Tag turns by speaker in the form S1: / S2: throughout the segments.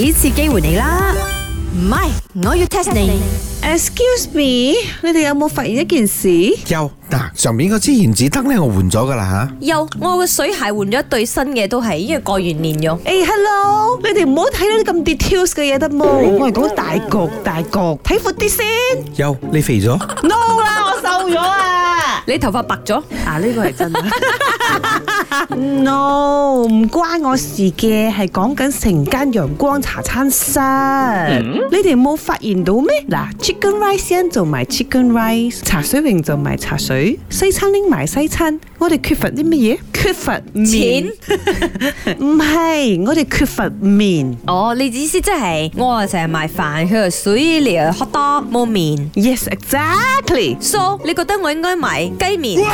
S1: 俾次機會你啦，唔係，我要 test 你。Excuse me，你哋有冇發現一件事？有，嗱，上面支原子燈咧，Yo, 我換咗噶啦吓。
S2: 有，我個水鞋換咗一對新嘅，都係因為過完年用。誒、hey，hello，
S1: 你哋唔好睇到啲咁 details 嘅嘢得冇？我係講大局，大局，睇闊啲先。有，你肥咗？No 啦，我瘦咗 啊！你頭髮白咗？啊，呢個係真。no 唔關我事嘅，係講緊成間陽光茶餐室。你哋冇發現到咩？嗱，chicken rice 做埋 chicken rice，茶水榮做埋茶水，西餐拎埋西餐。我哋缺乏啲乜嘢？缺乏錢。唔係，我哋缺
S2: 乏麵。哦，你意思即係我成日賣飯，佢水料好多冇麵。Yes，exactly。So，你覺得我應該賣雞麵，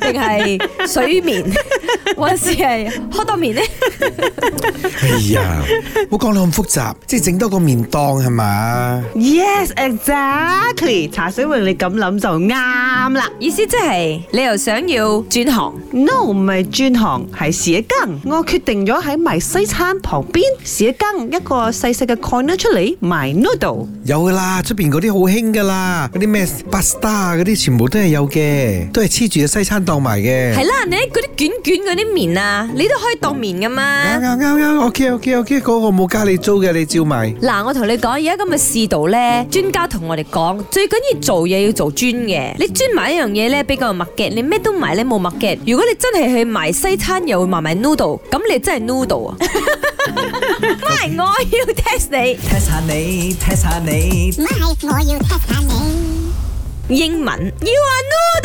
S2: 定係水麵？還是係好多麵咧？
S1: 哎呀，我講到咁複雜，即係整多個麵檔係嘛？Yes, exactly。茶水榮，你咁諗就啱啦。意思即係你又想要轉行？No，唔係轉行，係試一間。我決定咗喺埋西餐旁邊試一間一個細細嘅 corner 出嚟賣 noodle。有噶啦，出邊嗰啲好興噶啦，嗰啲咩 Basta 嗰啲全部都係有嘅，都係黐住個西餐檔賣嘅。係
S2: 啦，你嗰啲卷，卷嗰啲麵啊，你都可以當麵噶嘛？啱啱
S1: 啱啱，嗯嗯嗯嗯、OK, OK, OK, 我叫叫叫嗰個冇加你租嘅，你照賣。
S2: 嗱，我同你講而家咁嘅市道咧，專家同我哋講，最緊要做嘢要做專嘅。你專賣一樣嘢咧比較墨嘅。你咩都賣咧冇墨嘅。如果你真係去賣西餐，又會賣埋 noodle，咁你真係 noodle 啊！咩？我要 test 你，test 下你，test 下你，咩係我要 test 下你？英文，You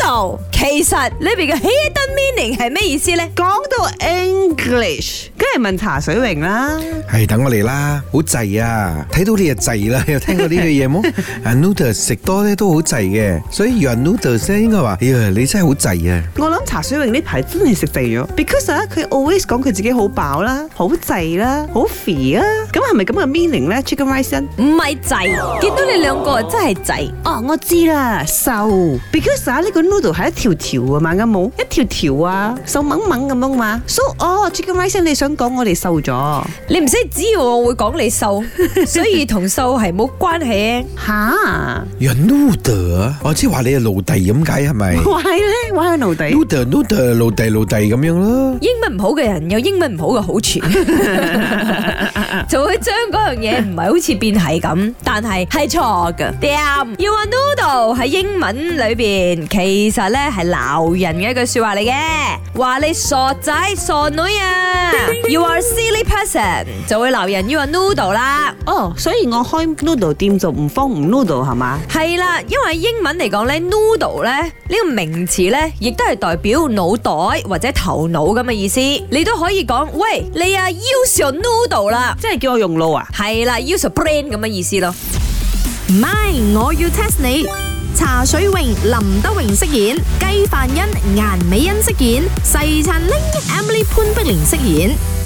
S2: are noodle。其實裏邊嘅 hidden meaning 係咩意思咧？講到 English，梗係問茶水榮
S1: 啦。係等我嚟啦，好滯啊！睇到你又滯啦，又聽過呢句嘢冇？啊，noodle 食多咧都好滯嘅，所以 you are noodle 聲應該話，哎呀，你真係好滯啊！我諗茶水榮呢排真係食滯咗，because 咧佢 always 講佢自己好飽啦，好滯啦，好肥啦。咁係咪咁嘅 meaning 咧？Chicken Rice，唔係滯，見到你兩個真係滯。哦，我知啦。瘦，because 啊呢個 noodle 係一條條啊，慢緊冇一條條啊，瘦掹掹咁樣嘛。So 哦，trigger my 聲，你想講我哋瘦咗，
S2: 你唔使只要我會講你瘦，所以同瘦係冇關係。吓
S1: ，you are noodle 啊，我即係話你係奴隸咁解係咪？話
S2: 係咧，話係奴隸。
S1: noodle noodle 奴隸奴隸咁樣咯。
S2: 英文唔好嘅人有英文唔好嘅好處。就會將嗰樣嘢唔係好似變係咁，但係係錯㗎。you are noodle 喺英文裏面，其實呢係鬧人嘅一句話來的說話嚟嘅，話你傻仔、傻女啊！ You are silly person，嗯、就會鬧人。You are noodle 啦，
S1: 哦，所以我開 noodle 店就唔慌唔 noodle 係嘛？
S2: 係啦，因為英文嚟講咧，noodle 咧呢、呢個名詞咧，亦都係代表腦袋或者頭腦咁嘅意思。你都可以講喂，你啊 use your noodle 啦，即係叫我用腦啊？係啦，use your brain 咁嘅意思咯。My，我要 test 你。茶水榮，林德榮飾演，雞飯欣、顏美欣飾演，細陳玲、Emily 潘碧玲飾演。